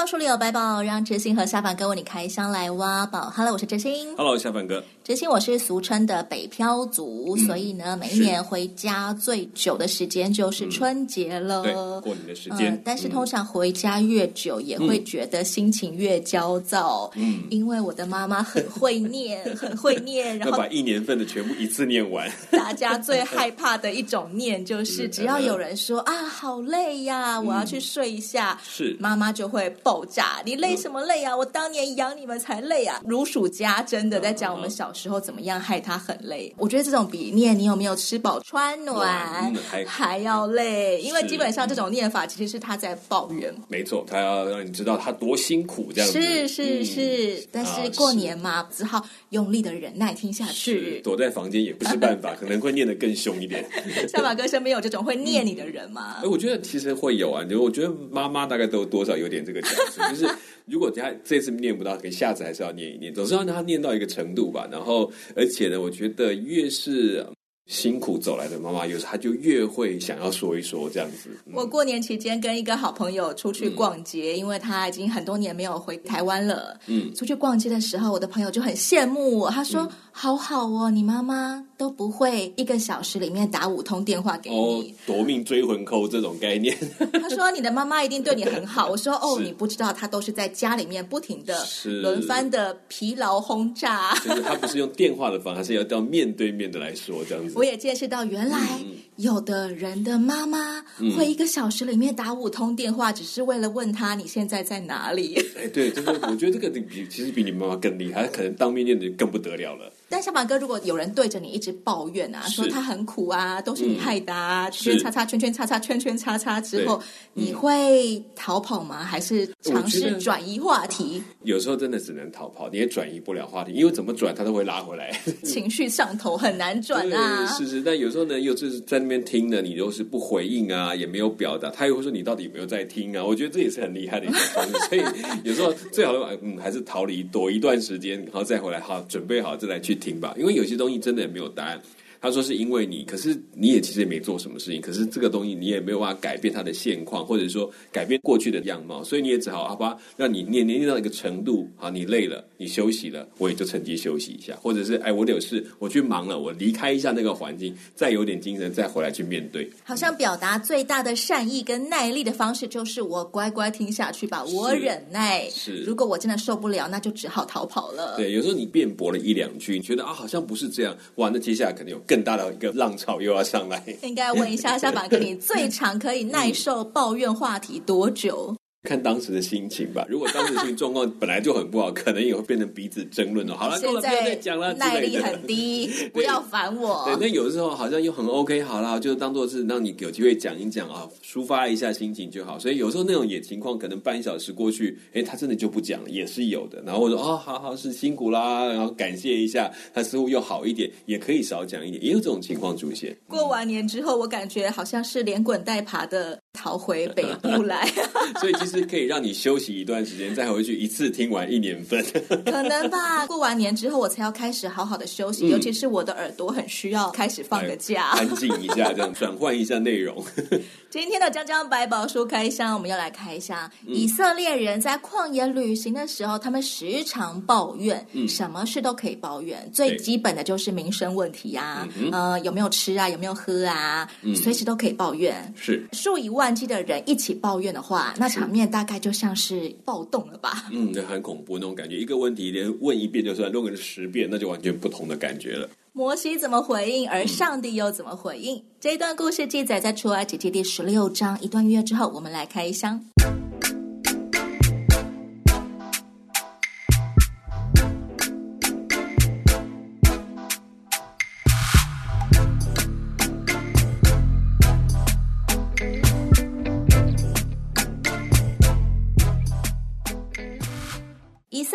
包書裡有白寶，讓知欣和夏凡哥為你開箱來挖寶。Hello，我是知欣。Hello，夏凡哥。知欣，我是俗稱的北漂族，嗯、所以呢，每一年回家最久的時間就是春節了。嗯、過年的時間、嗯。但是通常回家越久，也會覺得心情越焦躁。嗯，因為我的媽媽很會念， 很會念，然後把一年份的全部一次念完。 大家最害怕的一種念，就是、嗯、只要有人說啊，好累呀，我要去睡一下，是、嗯、媽媽就會。爆炸！你累什麼累啊？我當年養你們才累啊！如數家珍的在講我們小時候怎麼樣害他很累。我覺得這種比念你有沒有吃飽穿暖、嗯、還要累，是因為基本上這種念法其實是他在抱怨。嗯、沒錯，他要讓你知道他多辛苦這樣子。是是、嗯、是，但是過年嘛，啊、只好用力的忍耐聽下去。躲在房間也不是辦法， 可能會念得更凶一點。三馬 哥身邊有這種會念你的人嗎？哎、嗯，我覺得其實會有啊。就我覺得媽媽大概都有多少有點這個。 就是，如果等下這次念不到，可以下次還是要念一念，總是讓他念到一個程度吧。然後，而且呢，我覺得越是。辛苦走來的媽媽，有時她就越會想要說一說這樣子。嗯、我過年期間跟一個好朋友出去逛街，嗯、因為他已經很多年沒有回台灣了。嗯，出去逛街的時候，我的朋友就很羨慕我，他說：“嗯、好好哦，你媽媽都不會一個小時裡面打五通電話給你，哦、奪命追魂扣這種概念。 ”他說：“你的媽媽一定對你很好。”我說：“哦，是你不知道，她都是在家裡面不停的、輪番的疲勞轟炸。是”就是、她不是用電話的方式， 是要到面對面的來說這樣子。我也見識到，原來有的人的媽媽會一個小時裡面打五通電話，只是為了問他你現在在哪裡？嗯。嗯、哎，對，就是 我覺得這個比其實比你媽媽更厲害，可能當面念的就更不得了了。但小馬哥，如果有人對着你一直抱怨啊，說他很苦啊，都是你害的啊，圈圈叉叉，圈圈叉叉，圈圈叉叉之後，你會逃跑嗎？還是嘗試轉移話題？有時候真的只能逃跑，你也轉移不了話題，因為怎麼轉他都會拉回來。情緒上頭很難轉啊。是是，但有時候呢，又就是在那邊聽的，你都是不回應啊，也沒有表達，他又會說你到底有沒有在聽啊？我覺得這也是很厲害的一個方式。所以有時候最好的辦法，嗯，還是逃離，躲一段時間，然後再回來，好，準備好再來去。聽吧，因為有些東西真的也沒有答案。他說是因為你，可是你也其實也沒做什麼事情，可是這個東西你也沒有辦法改變它的現況，或者說改變過去的樣貌，所以你也只好阿巴讓你念念念到一個程度，好，你累了，你休息了，我也就趁機休息一下，或者是哎，我得有事，我去忙了，我離開一下那個環境，再有點精神，再回來去面對。好像表達最大的善意跟耐力的方式，就是我乖乖聽下去吧，我忍耐。是，是，如果我真的受不了，那就只好逃跑了。對，有時候你辯駁了一兩句，你覺得啊，好像不是這樣，哇，那接下來肯定有。更大的一個浪潮，又要上來。應該問一下小馬哥，你最長可以耐受抱怨話題多久？ 嗯嗯看當時的心情吧。如果當時心情狀況本來就很不好， 可能也會變成彼此爭論哦。好了，夠了，不要再講了，耐力很低，不要煩我對。對，那有的時候好像又很 OK。好了，就當做是讓你有機會講一講啊，抒發一下心情就好。所以有時候那種也情況，可能半小時過去，哎、欸，他真的就不講了，也是有的。然後我說：“哦，好好，是辛苦啦，然後感謝一下。”他似乎又好一點，也可以少講一點，也有這種情況出現。過完年之後，我感覺好像是連滾帶爬的。逃回北部來， 所以其實可以讓你休息一段時間，再回去一次聽完一年份，可能吧？過完年之後，我才要開始好好的休息，嗯、尤其是我的耳朵很需要開始放個假，安靜一下，這樣轉換一下內容。 今天的《江江百寶書》開箱，我們要來開箱。嗯、以色列人在曠野旅行的時候，他們時常抱怨，什麼事都可以抱怨。嗯、最基本的就是民生問題啊，嗯、呃，有沒有吃啊，有沒有喝啊，隨、嗯、時都可以抱怨。是數以萬計的人一起抱怨的話，那場面大概就像是暴動了吧？嗯，很恐怖那種感覺。一個問題連問一遍就算，如果是十遍，那就完全不同的感覺了。摩西怎麼回應？而上帝又怎麼回應？這一段故事記載在《出埃及記》第十六章。一段音樂之後，我們來開箱。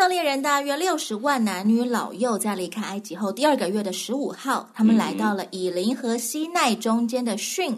以色列人大約六十萬男女老幼，在離開埃及後第二個月的十五號，他們來到了以琳和西奈中間的汛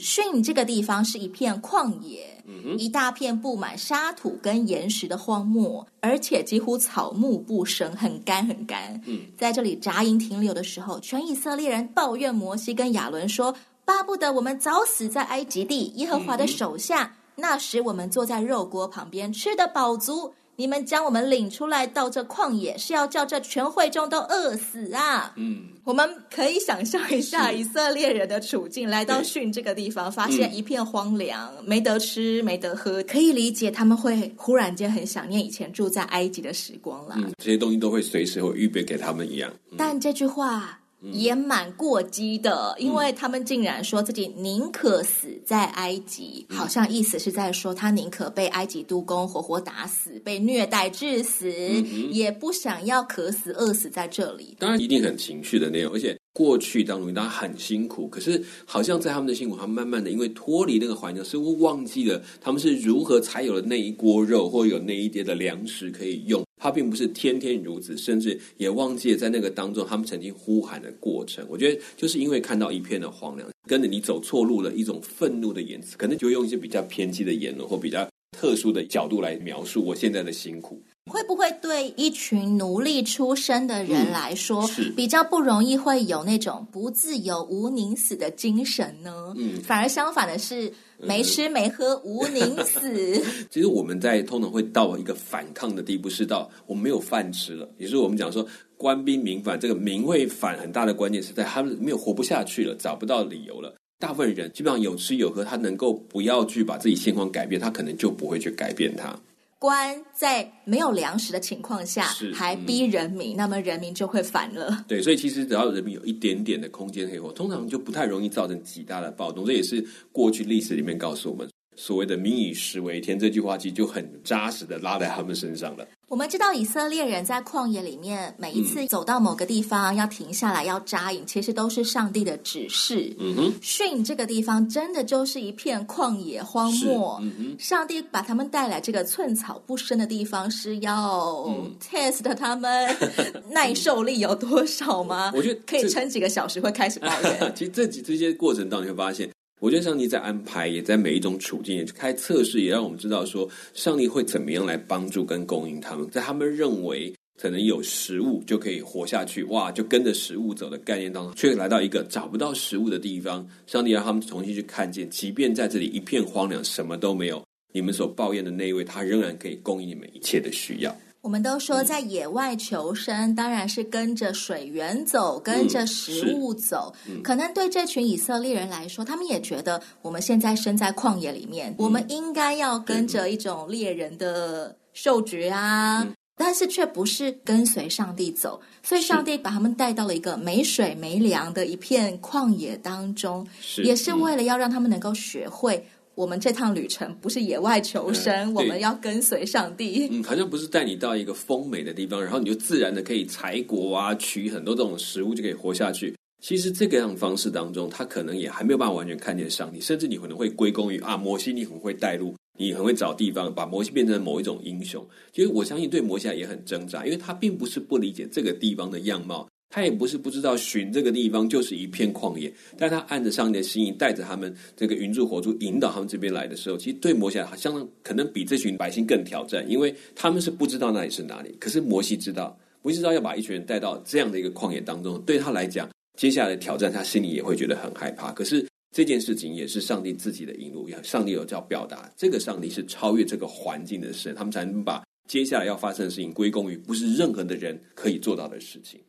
汛。嗯、這個地方，是一片曠野，嗯、一大片布滿沙土跟岩石的荒漠，而且幾乎草木不生，很乾很乾。嗯、在這裡紮營停留的時候，全以色列人抱怨摩西跟亞倫說：“巴不得我們早死在埃及地，耶和華的手下。嗯、那時我們坐在肉鍋旁邊，吃得飽足。”你們將我們領出來到這曠野，是要叫這全會眾都餓死啊！嗯，我們可以想象一下以色列人的處境，是來到汛這個地方，對發現一片荒涼，嗯、沒得吃，沒得喝，可以理解他們會忽然間很想念以前住在埃及的時光啦、嗯。這些東西都會隨時會預備給他們一樣，嗯、但這句話。也蠻過激的，因為他們竟然說自己寧可死在埃及，嗯、好像意思是在說他寧可被埃及督工活活打死，被虐待致死，嗯嗯、也不想要渴死、餓死在這裡。當然，一定很情緒的內容，而且過去當中大家很辛苦，可是好像在他們的辛苦，他們慢慢的因為脫離那個環境，似乎忘記了他們是如何才有了那一鍋肉，或有那一碟的糧食可以用。他並不是天天如此，甚至也忘記了在那個當中他們曾經呼喊的過程。我覺得就是因為看到一片的荒涼，跟着你走錯路的一種憤怒的言辭，可能就用一些比較偏激的言論或比較特殊的角度來描述我現在的辛苦。會不會對一群奴隸出身的人來說，嗯、是比較不容易會有那種不自由毋寧死的精神呢？嗯，反而相反的是。沒吃沒喝，毋寧死。 其實我們在通常會到一個反抗的地步，是到我們沒有飯吃了。也就是我們講說，官逼民反，這個民會反很大的關鍵是在他們沒有活不下去了，找不到理由了。大部分人基本上有吃有喝，他能夠不要去把自己現況改變，他可能就不會去改變他。官在沒有糧食的情況下，還逼人民，嗯、那麼人民就會反了。對，所以其實只要人民有一點點的空間可以活，通常就不太容易造成極大的暴動。這也是過去歷史裡面告訴我們。所謂的“民以食為天”這句話，其實就很扎實的拉在他們身上了。我們知道，以色列人在曠野裡面，每一次走到某個地方要停下來，要扎營，嗯、其實都是上帝的指示。嗯哼，汛這個地方真的就是一片曠野荒漠。嗯，上帝把他們帶來這個寸草不生的地方，是要 test、嗯、他們耐受力有多少嗎？我覺得可以撐幾個小時，會開始抱怨。其實這幾這些過程當中，你會發現。我覺得上帝在安排，也在每一種處境，也去開測試，也讓我們知道說，上帝會怎麼樣來幫助跟供應他們。在他們認為可能有食物就可以活下去，哇，就跟着食物走的概念當中，卻來到一個找不到食物的地方。上帝讓他們重新去看見，即便在這裡一片荒涼，什麼都沒有，你們所抱怨的那一位，他仍然可以供應你們一切的需要。我們都說在野外求生，嗯、當然是跟着水源走，跟着食物走。嗯嗯、可能對這群以色列人來說，他們也覺得我們現在身在曠野裡面，嗯、我們應該要跟着一種獵人的嗅覺啊。嗯嗯、但是卻不是跟隨上帝走，所以上帝把他們帶到了一個沒水沒糧的一片曠野當中，是也是為了要讓他們能夠學會。我們這趟旅程不是野外求生，嗯、我們要跟隨上帝。嗯，好像不是帶你到一個豐美的地方，然後你就自然的可以採果啊，取很多這種食物就可以活下去。其實這個樣的方式當中，他可能也還沒有辦法完全看見上帝，甚至你可能會歸功於啊，摩西你很會帶路，你很會找地方，把摩西變成某一種英雄。其實我相信對摩西來也很掙扎，因為他並不是不理解這個地方的樣貌。他也不是不知道，尋這個地方就是一片曠野，但他按着上帝的心意，帶着他們這個雲柱火柱，引導他們這邊來的時候，其實對摩西來相當可能比這群百姓更挑戰，因為他們是不知道那裡是哪裡。可是摩西知道，摩西知道要把一群人帶到這樣的一個曠野當中，對他來講，接下來的挑戰，他心裡也會覺得很害怕。可是這件事情也是上帝自己的引路，上帝有要表達，這個上帝是超越這個環境的神，他們才能把接下來要發生的事情歸功於不是任何的人可以做到的事情。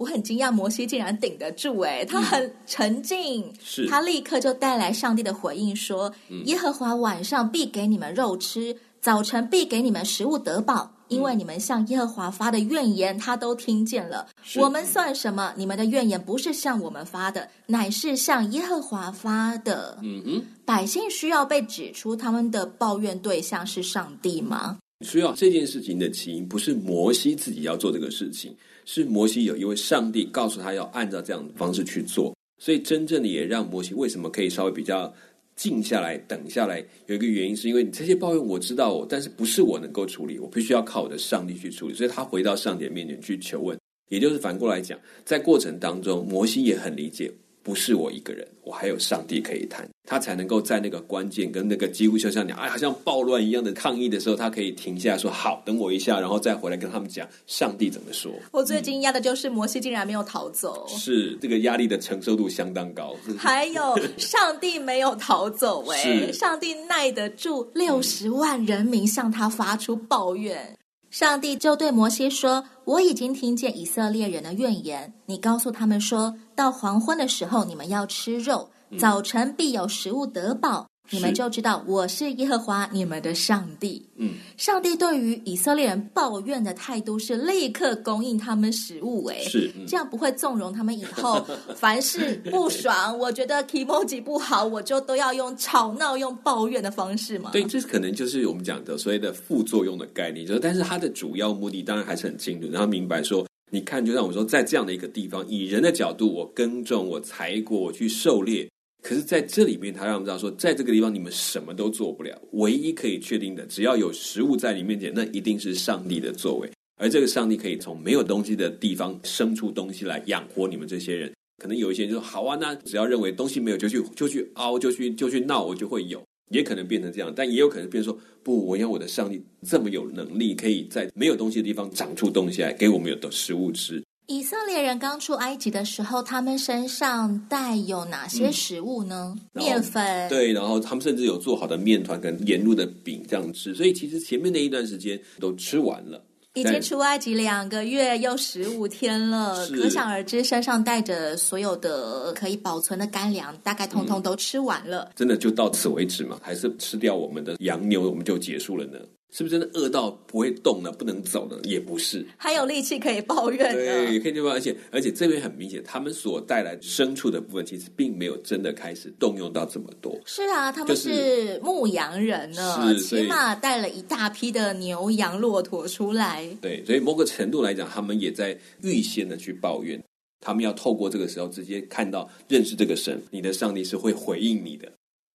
我很驚訝，摩西竟然頂得住哎！他很沉靜，是他立刻就帶來上帝的回應說：“嗯、耶和華晚上必給你們肉吃，早晨必給你們食物得飽、嗯、因為你們向耶和華發的怨言，他都聽見了。是我們算什麼？你們的怨言不是向我們發的，乃是向耶和華發的。”嗯嗯，百姓需要被指出他們的抱怨對象是上帝嗎？需要。這件事情的起因不是摩西自己要做這個事情。是摩西有一位上帝告訴他要按照這樣的方式去做，所以真正的也讓摩西為什麼可以稍微比較靜下來、等下來，有一個原因是因為你這些抱怨我知道、哦，我但是不是我能夠處理，我必須要靠我的上帝去處理，所以他回到上帝的面前去求問，也就是反過來講，在過程當中，摩西也很理解。不是我一個人，我還有上帝可以談，他才能夠在那個關鍵跟那個幾乎就像你哎，好像暴亂一樣的抗議的時候，他可以停下來說好，等我一下，然後再回來跟他們講上帝怎麼說。我最驚訝的就是摩西竟然沒有逃走，嗯、是這個壓力的承受度相當高。 還有上帝沒有逃走、欸，是上帝耐得住六十萬人民向他發出抱怨。嗯上帝就對摩西說：“我已經聽見以色列人的怨言，你告訴他們說，到黃昏的時候你們要吃肉，早晨必有食物得飽。”你們就知道我是耶和華你們的上帝。嗯，上帝對於以色列人抱怨的態度是立刻供應他們食物，欸，哎，是、嗯、這樣不會縱容他們以後 凡事不爽。 對我覺得 Kimoji 不好，我就都要用吵鬧、用抱怨的方式嘛，對，這可能就是我們講的所謂的副作用的概念。就是，但是他的主要目的當然還是很清楚，然後明白說，你看，就像我們說，在這樣的一個地方，以人的角度我，我耕種，我採果，我去狩獵。可是，在這裡面，他讓我們知道說，在這個地方你們什麼都做不了。唯一可以確定的，只要有食物在你面前，那一定是上帝的作為。而這個上帝可以從沒有東西的地方生出東西來養活你們這些人。可能有一些人就說：“好啊，那只要認為東西沒有，就去就去凹，就去就去鬧，我就會有。”也可能變成這樣，但也有可能變成說：“不，我要我的上帝這麼有能力，可以在沒有東西的地方長出東西來，給我們有的食物吃。”以色列人剛出埃及的時候，他們身上帶有哪些食物呢？麵粉、嗯，對，然後他們甚至有做好的麵糰跟沿路的餅這樣吃。所以其實前面的一段時間都吃完了。已經出埃及兩個月又十五天了，是可想而知，身上帶着所有的可以保存的乾糧，大概通通都吃完了，嗯。真的就到此為止嗎？還是吃掉我們的羊牛，我們就結束了呢？是不是真的餓到不會動了、不能走了？也不是，還有力氣可以抱怨。對，可以抱怨。而且，而且這邊很明顯，他們所帶來牲畜的部分，其實並沒有真的開始動用到這麼多。是啊，他們是牧羊人呢，是、起碼帶了一大批的牛羊、駱駝出來。對，所以某個程度來講，他們也在預先的去抱怨，嗯、他們要透過這個時候直接看到、認識這個神，你的上帝是會回應你的。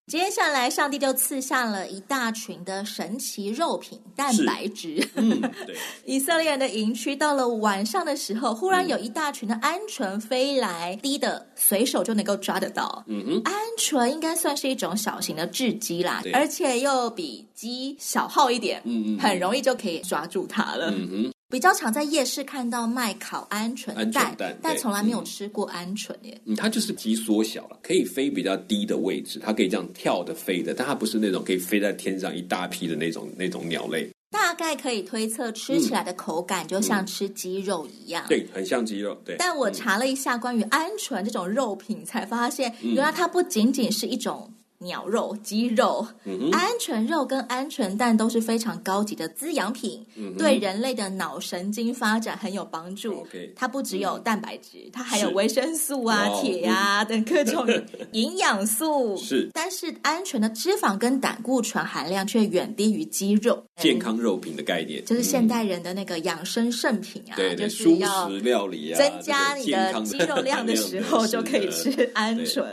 接下來，上帝就賜下了一大群的神奇肉品——蛋白質。嗯、對、 以色列人的營區到了晚上的時候，忽然有一大群的鵪鶉飛來，低的隨手就能夠抓得到。鵪鶉、嗯、哼應該算是一種小型的雉雞啦，對而且又比雞小號一點，嗯、哼很容易就可以抓住它了。嗯比較常在夜市看到賣烤鵪鶉蛋，蛋，對，但從來沒有吃過鵪鶉耶嗯。嗯，它就是雞縮小了，可以飛比較低的位置，它可以這樣跳着飛的，但它不是那種可以飛在天上一大批的那種那種鳥類。大概可以推測吃起來的口感就像吃雞肉一樣，嗯，嗯，對，很像雞肉。對，但我查了一下關於鵪鶉這種肉品，才發現原來它不僅僅是一種。鳥肉、雞肉、鵪鶉肉跟鵪鶉蛋都是非常高級的滋養品，對人類的腦神經發展很有幫助。它不只有蛋白質，它還有維生素啊、鐵啊等各種營養素。是，但是鵪鶉的脂肪跟膽固醇含量卻遠低於雞肉。健康肉品的概念，就是現代人的那個養生聖品啊，對對，就是要增加你的肌肉量的時候就可以吃鵪鶉。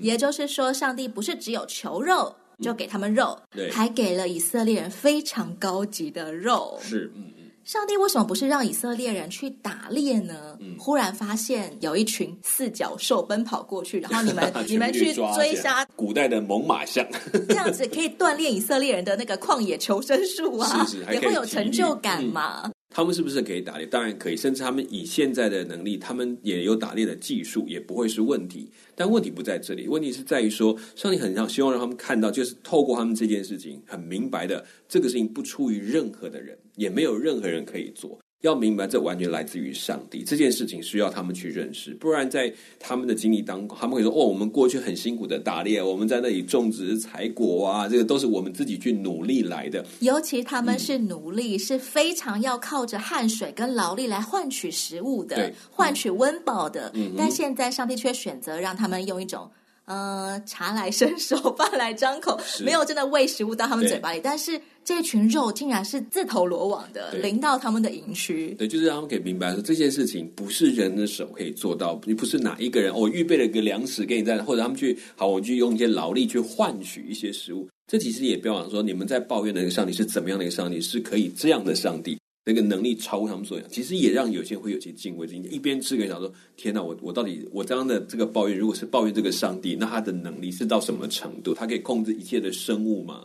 也就是說，上帝不是只有求肉就給他們肉，嗯、對，還給了以色列人非常高級的肉。是，嗯，嗯，上帝為什麼不是讓以色列人去打獵呢？嗯、忽然發現有一群四腳獸奔跑過去，嗯、然後你們 你們去追殺樣古代的猛獁象， 這樣子可以鍛鍊以色列人的那個曠野求生術啊，是是還也會有成就感嘛。嗯他們是不是可以打獵？當然可以，甚至他們以現在的能力，他們也有打獵的技術，也不會是問題。但問題不在這裡，問題是在於說，上帝很想希望讓他們看到，就是透過他們這件事情，很明白的，這個事情不出於任何的人，也沒有任何人可以做。要明白，這完全來自於上帝。這件事情需要他們去認識，不然在他們的經歷當中，他們會說：“哦，我們過去很辛苦的打獵，我們在那裡種植採果啊，這個都是我們自己去努力來的。”尤其他們是奴隸，嗯、是非常要靠着汗水跟勞力來換取食物的，對嗯、換取溫飽的。嗯、哼但現在上帝卻選擇讓他們用一種。呃，茶來伸手，飯來張口，是沒有真的餵食物到他們嘴巴裡。對但是這群肉竟然是自投羅網的，臨對到他們的營區。對，就是讓他們可以明白說，這件事情不是人的手可以做到，也不是哪一個人，哦。我預備了一個糧食給你在，或者他們去，好，我去用一些勞力去換取一些食物。這其實也標榜說，你們在抱怨的上帝是怎麼樣的一個上帝，是可以這樣的上帝。這個能力超乎他們所想，其實也讓有些人會有些敬畏。一邊吃，一邊想說：“天哪，我我到底我這樣的這個抱怨，如果是抱怨這個上帝，那他的能力是到什麼程度？他可以控制一切的生物嗎？”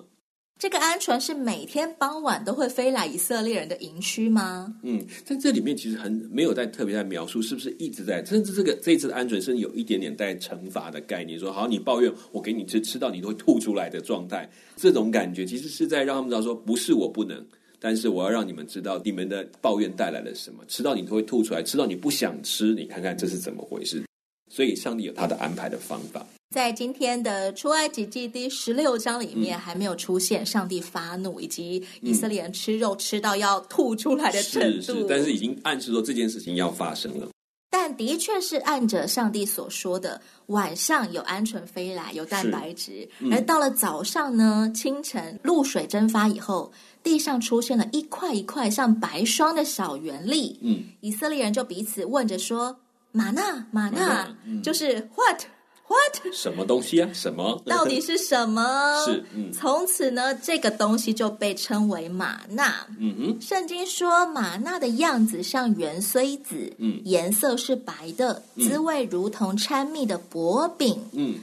這個鵪鶉是每天傍晚都會飛來以色列人的營區嗎？嗯，在這裡面其實很沒有在特別在描述，是不是一直在？甚至這個這一次的鵪鶉是有一點點帶懲罰的概念，說：“好，你抱怨，我給你吃吃到你都會吐出來的狀態，這種感覺其實是在讓他們知道說：不是我不能。”但是我要讓你們知道，你們的抱怨帶來了什麼？吃到你都會吐出來，吃到你不想吃，你看看這是怎麼回事？所以，上帝有他的安排的方法。在今天的出埃及記第十六章裡面，還沒有出現上帝發怒以及以色列人吃肉吃到要吐出來的程度，嗯嗯、是是但是已經暗示說這件事情要發生了。但的確是按着上帝所說的，晚上有鵪鶉飛來，有蛋白質；嗯、而到了早上呢，清晨露水蒸發以後，地上出現了一塊一塊像白霜的小圓粒。嗯、以色列人就彼此問着說：“瑪娜瑪娜，瑪娜，就是 what？”、嗯 What？什麼東西啊？什麼？到底是什麼？ 是。嗯、從此呢，這個東西就被稱為瑪娜。嗯哼聖經說，瑪娜的樣子像芫荽子。嗯。顏色是白的，嗯、滋味如同摻蜜的薄餅。嗯。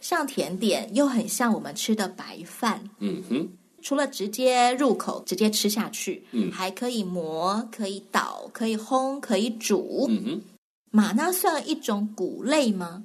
像甜點，又很像我們吃的白飯。嗯哼。除了直接入口，直接吃下去。嗯。還可以磨，可以搗，可以烘，可以煮。嗯哼。瑪娜算一種穀類嗎？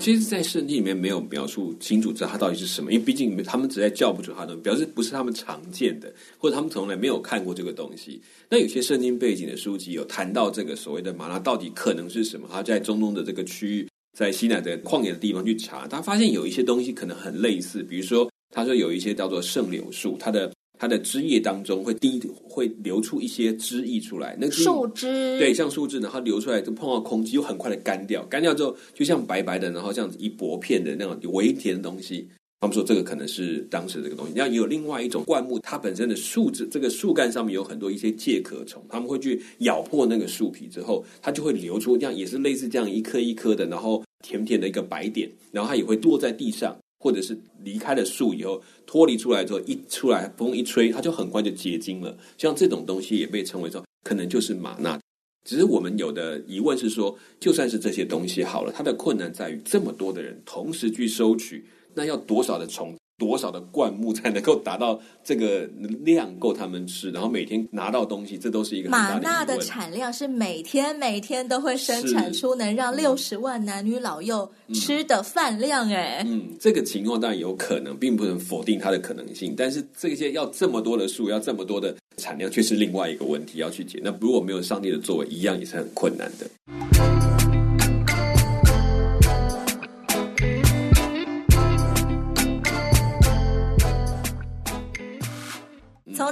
其實，在聖經裡面沒有描述清楚，知道它到底是什麼，因為畢竟他們實在叫不出它的東西，表示不是他們常見的，或者他們從來沒有看過這個東西。那有些聖經背景的書籍有談到這個所謂的瑪拉到底可能是什麼，他在中東的這個區域，在西奈的曠野的地方去查，他發現有一些東西可能很類似，比如說他說有一些叫做聖柳樹，它的。它的枝葉當中會滴會流出一些汁液出來，那是樹枝。對，像樹枝然後流出來就碰到空氣，又很快的乾掉，乾掉之後就像白白的，然後這樣子一薄片的那種微甜的東西。他們說這個可能是當時這個東西。那有另外一種灌木，它本身的樹枝，這個樹幹上面有很多一些介殼蟲，他們會去咬破那個樹皮之後，它就會流出，這樣也是類似這樣一顆一顆的，然後甜甜的一個白點，然後它也會落在地上。或者是離開了樹以後，脫離出來之後，一出來風一吹，它就很快就結晶了。像這種東西也被稱為說，可能就是瑪納。只是我們有的疑問是說，就算是這些東西好了，它的困難在於這麼多的人同時去收取，那要多少的蟲？多少的灌木，才能夠達到這個量夠他們吃，然後每天拿到東西，這都是一個很大。瑪納的產量是每天每天都會生產出能讓六十萬男女老幼吃的飯量，哎、嗯，嗯，這個情況當然有可能，並不能否定它的可能性。但是這些要這麼多的樹，要這麼多的產量，卻是另外一個問題要去解。那如果沒有上帝的作為，一樣也是很困難的。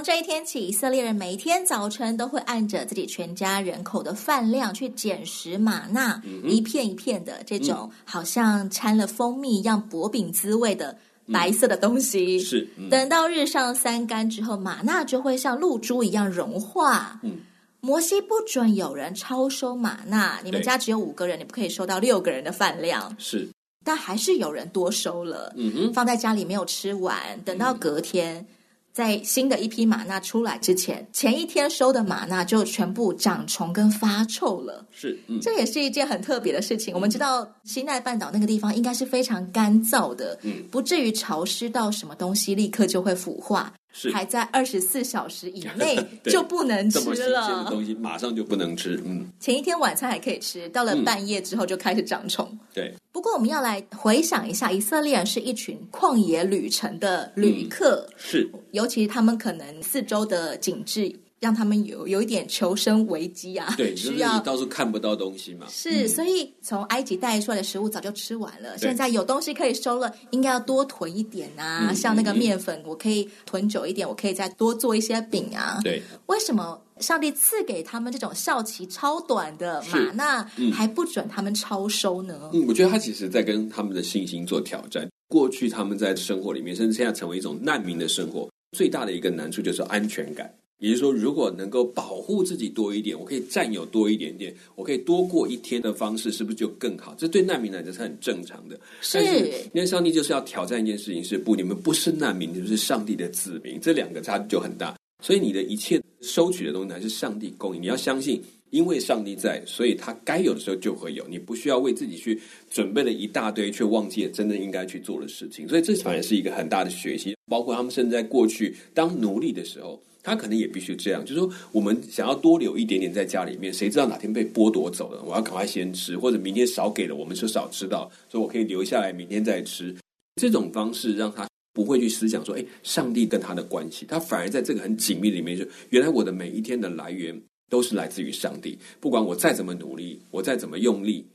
這一天起，以色列人每一天早晨都會按着自己全家人口的飯量去撿拾瑪納，嗯、哼一片一片的這種、嗯、好像摻了蜂蜜一樣薄餅滋味的、嗯、白色的東西。是，嗯、等到日上三竿之後，瑪納就會像露珠一樣融化。嗯、摩西不准有人超收瑪納，你們家只有五個人，你不可以收到六個人的飯量。是，但還是有人多收了，嗯哼放在家裡沒有吃完，等到隔天。嗯在新的一批瑪納出來之前，前一天收的瑪納就全部長蟲跟發臭了。是，嗯、這也是一件很特別的事情。我們知道，西奈半島那個地方應該是非常乾燥的，嗯，不至於潮濕到什麼東西立刻就會腐化。還在二十四小時以內就不能吃了，這個東西馬上就不能吃。嗯，前一天晚餐還可以吃，到了半夜之後就開始長蟲。對，不過我們要來回想一下，以色列人是一群曠野旅程的旅客，是，尤其是他們可能四周的景致，讓他們有有一點求生危機啊，對，需要是不是你到處看不到東西嘛？是，嗯、所以從埃及帶出來的食物早就吃完了。對現在有東西可以收了，應該要多囤一點啊。嗯、像那個麵粉，我可以囤久一點，嗯、我可以再多做一些餅啊。對，為什麼上帝賜給他們這種效期超短的瑪娜，嗯、還不准他們超收呢？嗯，我覺得他其實在跟他們的信心做挑戰。嗯、過去他們在生活裡面，甚至現在成為一種難民的生活，最大的一個難處就是安全感。也就是說，如果能夠保護自己多一點，我可以占有多一點點，我可以多過一天的方式，是不是就更好？這對難民來講是很正常的。但是，是因為上帝就是要挑戰一件事情是，是不？你們不是難民，你們就是上帝的子民。這兩個差距就很大。所以你的一切收取的東西還是上帝供應。你要相信，因為上帝在，所以他該有的時候就會有。你不需要為自己去準備了一大堆，卻忘記了真正應該去做的事情。所以這反而是一個很大的學習。包括他們甚至在過去當奴隸的時候。他可能也必須這樣，就是說，我們想要多留一點點在家裡面，誰知道哪天被剝奪走了？我要趕快先吃，或者明天少給了，我們就少吃到，所以我可以留下來，明天再吃。這種方式讓他不會去思想說：“欸，上帝跟他的關係。”他反而在這個很緊密裡面，就原來我的每一天的來源都是來自於上帝，不管我再怎麼努力，我再怎麼用力。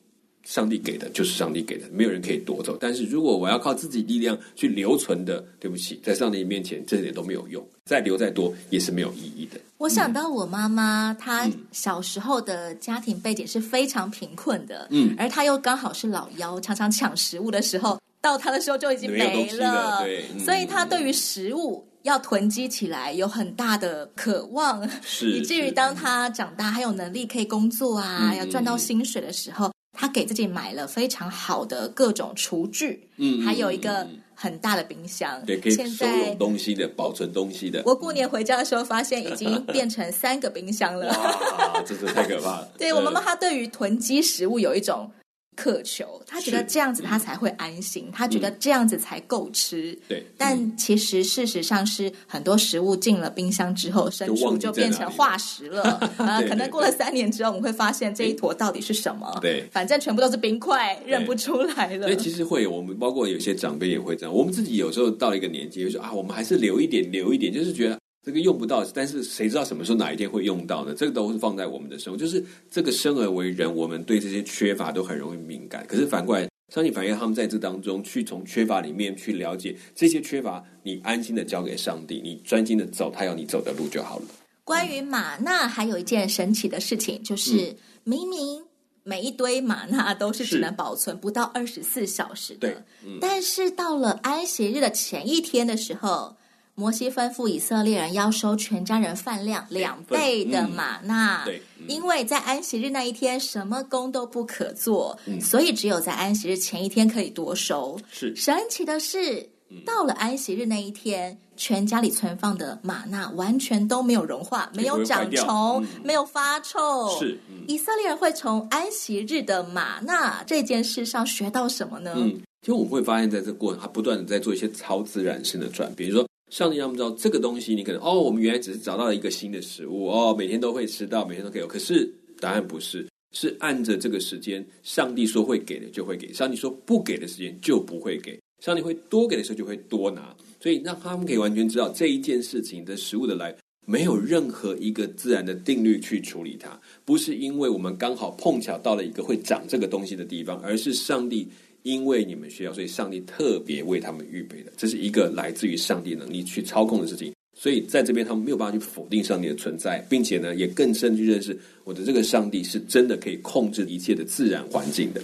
上帝給的就是上帝給的，沒有人可以奪走。但是如果我要靠自己力量去留存的，對不起，在上帝面前這點都沒有用，再留再多也是沒有意義的。我想到我媽媽，嗯、她小時候的家庭背景是非常貧困的，嗯，而她又剛好是老幺，常常搶食物的時候，到她的時候就已經沒了，沒了對。嗯、所以她對於食物要囤積起來有很大的渴望，是。是以至於當她長大，她有能力可以工作啊，嗯、要賺到薪水的時候。他給自己買了非常好的各種廚具，嗯，還有一個很大的冰箱，對，可以收有東西的、保存東西的。我過年回家的時候發現，已經變成三個冰箱了，啊哇 真是太可怕了。 對是我媽媽，她對於囤積食物有一種。渴求，他覺得這樣子他才會安心，嗯、他覺得這樣子才夠吃。對、嗯，但其實事實上是很多食物進了冰箱之後，生出、嗯、就變成化石了。 對對對對可能過了三年之後，我們會發現這一坨到底是什麼？對，反正全部都是冰塊，對認不出來了。所以其實會，我們包括有些長輩也會這樣。我們自己有時候到一個年紀、就是，就說啊，我們還是留一點，留一點，就是覺得。這個用不到，但是誰知道什麼時候哪一天會用到呢？這個都是放在我們的生活，就是這個生而為人，我們對這些缺乏都很容易敏感。可是反過來，上帝反映他們在這當中去從缺乏裡面去了解這些缺乏，你安心的交給上帝，你專心的走他要你走的路就好了。關於嗎哪，還有一件神奇的事情，就是、嗯、明明每一堆嗎哪都是只能保存不到二十四小時的，是嗯、但是到了安息日的前一天的時候。摩西吩咐以色列人要收全家人飯量兩倍的瑪納，對嗯對嗯、因為在安息日那一天什麼工都不可做，嗯、所以只有在安息日前一天可以多收。是神奇的是，嗯、到了安息日那一天，全家裡存放的瑪納完全都沒有融化，沒有長蟲，嗯、沒有發臭。是，嗯、以色列人會從安息日的瑪納這件事上學到什麼呢？嗯，其實我們會發現，在這過程他不斷的在做一些超自然性的轉變，比如說。上帝讓他們知道這個東西，你可能哦，我們原來只是找到了一個新的食物哦，每天都會吃到，每天都可以有。可是答案不是，是按着這個時間，上帝說會給的就會給，上帝說不給的時間就不會給。上帝會多給的時候就會多拿，所以讓他們可以完全知道這一件事情的食物的來，沒有任何一個自然的定律去處理它，不是因為我們剛好碰巧到了一個會長這個東西的地方，而是上帝。因為你們需要，所以上帝特別為他們預備的，這是一個來自於上帝能力去操控的事情。所以在這邊，他們沒有辦法去否定上帝的存在，並且呢，也更深去認識我的這個上帝是真的可以控制一切的自然環境的。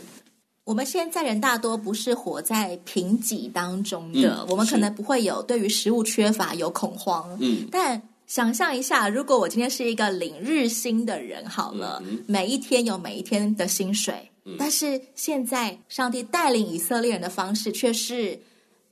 我們現在人大多不是活在貧瘠當中的，嗯，我們可能不會有對於食物缺乏有恐慌。嗯，但想象一下，如果我今天是一個領日薪的人，好了，嗯，每一天有每一天的薪水。但是現在，上帝帶領以色列人的方式卻是：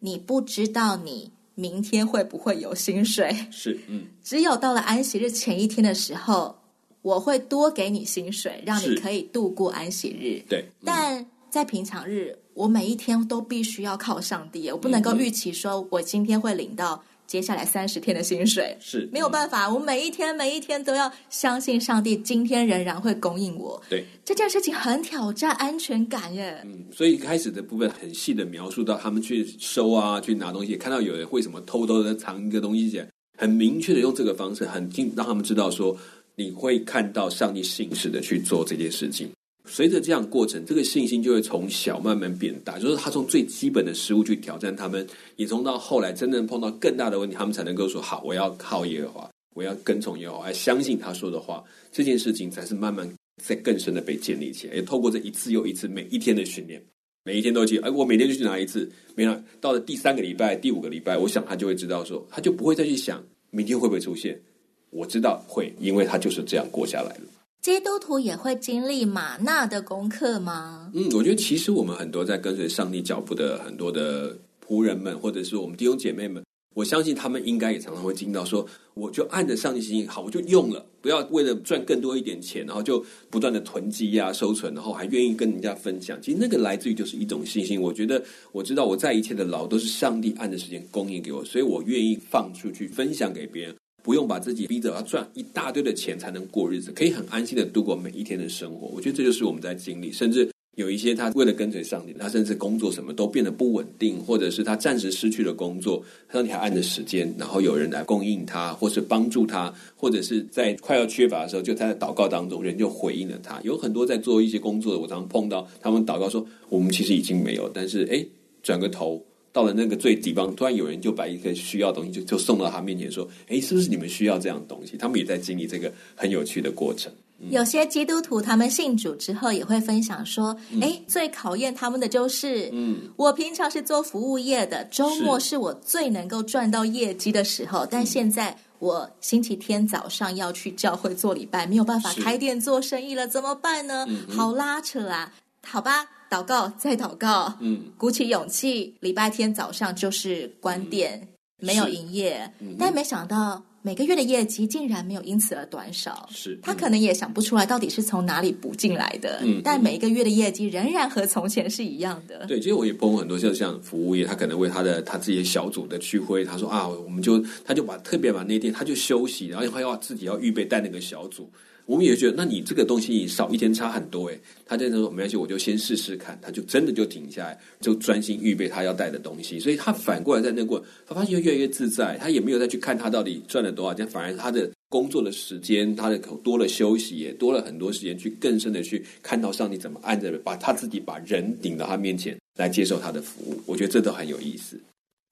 你不知道你明天會不會有薪水。是，嗯，只有到了安息日前一天的時候，我會多給你薪水，讓你可以度過安息日。對。是。但在平常日，我每一天都必須要靠上帝，我不能夠預期說我今天會領到。接下來三十天的薪水是沒有辦法，嗯、我每一天每一天都要相信上帝，今天仍然會供應我。對，這件事情很挑戰安全感耶。嗯，所以一開始的部分很細的描述到他們去收啊，去拿東西，看到有人為什麼偷偷的藏一個東西，很明確的用這個方式，很近，讓他們知道說，你會看到上帝信實的去做這件事情。隨着這樣過程，這個信心就會從小慢慢變大。就是他從最基本的食物去挑戰他們，也從到後來真正碰到更大的問題，他們才能夠說：“好，我要靠耶和華，我要跟從耶和華，哎、相信他說的話。”這件事情才是慢慢在更深的被建立起來。也透過這一次又一次每一天的訓練，每一天都去哎，我每天就去拿一次。沒了，到了第三個禮拜、第五個禮拜，我想他就會知道說，說他就不會再去想明天會不會出現。我知道會，因為他就是這樣過下來了。基督徒也會經歷嗎哪的功課嗎？嗯，我覺得其實我們很多在跟隨上帝腳步的很多的僕人們，或者是我們弟兄姐妹們，我相信他們應該也常常會聽到說，說我就按着上帝心意，好，我就用了，不要為了賺更多一點錢，然後就不斷的囤積呀、啊、收存，然後還願意跟人家分享。其實那個來自於就是一種信心。我覺得我知道我在一切的勞都是上帝按著時間供應給我，所以我願意放出去分享給別人。不用把自己逼着要賺一大堆的錢才能過日子，可以很安心的度過每一天的生活。我覺得這就是我們在經歷，甚至有一些他為了跟隨上帝，他甚至工作什麼都變得不穩定，或者是他暫時失去了工作，他讓你還按着時間，然後有人來供應他，或是幫助他，或者是在快要缺乏的時候，就他在禱告當中，人就回應了他。有很多在做一些工作的，我常常碰到他們禱告說：“我們其實已經沒有，但是誒，轉個頭。”到了那個最底方，突然有人就把一個需要的東西就就送到他面前，說：“哎，是不是你們需要這樣東西？”他們也在經歷這個很有趣的過程。嗯、有些基督徒他們信主之後也會分享說：“哎、嗯，最考驗他們的就是……嗯，我平常是做服務業的，周末是我最能夠賺到業績的時候，是但現在我星期天早上要去教會做禮拜，沒有辦法開店做生意了，是怎麼辦呢？嗯嗯好拉扯啊！好吧。”禱告，再禱告。嗯，鼓起勇氣。禮拜天早上就是關店，嗯、沒有營業。嗯、但沒想到每個月的業績竟然沒有因此而短少。是，嗯、他可能也想不出來到底是從哪裡補進來的。嗯，嗯，但每一個月的業績仍然和從前是一樣的。對，其實我也碰過很多，就像服務業，他可能為他的他自己的小組的聚會，他說啊，我們就他就把特別把那天他就休息，然後他要自己要預備帶那個小組。我們也覺得，那你這個東西少一天差很多。哎，他那時候說沒關係，我就先試試看。他就真的就停下來，就專心預備他要帶的東西。所以他反過來在那過，他發現越來越自在。他也沒有再去看他到底賺了多少錢，反而他的工作的時間，他的多了休息也多了很多時間，去更深的去看到上帝怎麼按着把他自己把人頂到他面前來接受他的服務。我覺得這都很有意思。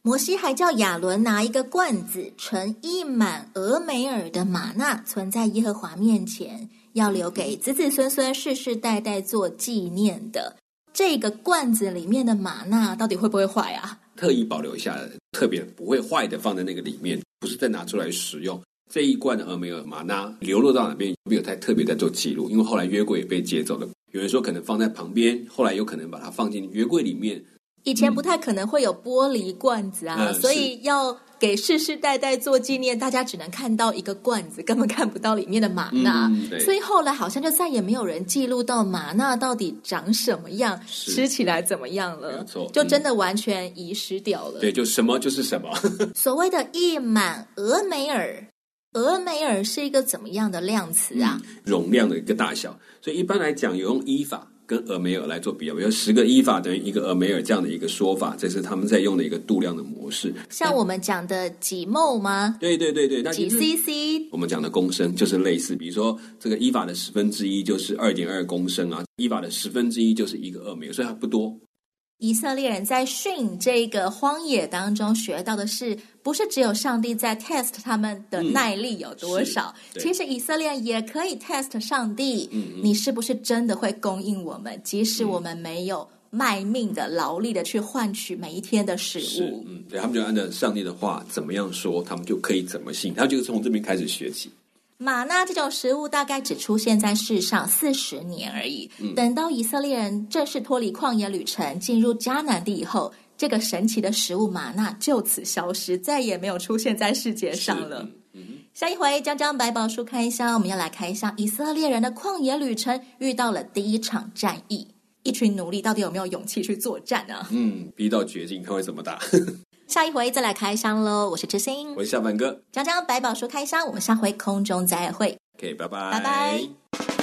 摩西還叫亞倫拿一個罐子，盛一滿俄美爾的瑪納，存在耶和華面前，要留給子子孫孫世世代代做紀念的。這個罐子裡面的瑪納到底會不會壞啊？特意保留一下，特別不會壞的，放在那個裡面，不是再拿出來使用。這一罐的俄美爾瑪納流落到哪邊，沒有太特別在做記錄。因為後來約櫃也被劫走了，有人說可能放在旁邊，後來有可能把它放進約櫃裡面。以前不太可能會有玻璃罐子啊，嗯、所以要給世世代代做紀念，大家只能看到一個罐子，根本看不到裡面的瑪娜。嗯、所以後來好像就再也沒有人記錄到瑪娜到底長什麼樣，吃是起來怎麼樣了，就真的完全遺失掉了，嗯。對，就什麼就是什麼。 所謂的一滿俄梅爾，俄梅爾是一個怎麼樣的量詞啊，嗯？容量的一個大小。所以一般來講，有用依法。跟俄梅珥來做比較，有十個伊法等於一個俄梅珥這樣的一個說法，這是他們在用的一個度量的模式。像我們講的幾畝嗎？對對對對，那幾 cc 我們講的公升就是類似，比如說這個伊法的十分之一就是二點二公升啊，伊法的十分之一就是一個俄梅珥，所以它不多。以色列人在訓這個荒野當中學到的是，不是只有上帝在 test 他們的耐力有多少？嗯、其實以色列也可以 test 上帝，嗯嗯、你是不是真的會供應我們，即使我們沒有賣命的、嗯、勞力的去換取每一天的食物？嗯，對他們就按照上帝的話，怎麼樣說，他們就可以怎麼信。他就是從這邊開始學習。瑪納這種食物大概只出現在世上四十年而已。嗯、等到以色列人正式脫離曠野旅程，進入迦南地以後，這個神奇的食物瑪納就此消失，再也沒有出現在世界上了。嗯嗯、下一回將將百寶書開箱，我們要來看一下以色列人的曠野旅程遇到了第一場戰役，一群奴隸到底有沒有勇氣去作戰啊？嗯，逼到絕境，他會怎麼打。 下一回再來開箱嘍！我是知心，我是小滿哥，講講百寶書開箱。我們下回空中再會，OK，拜拜，拜拜。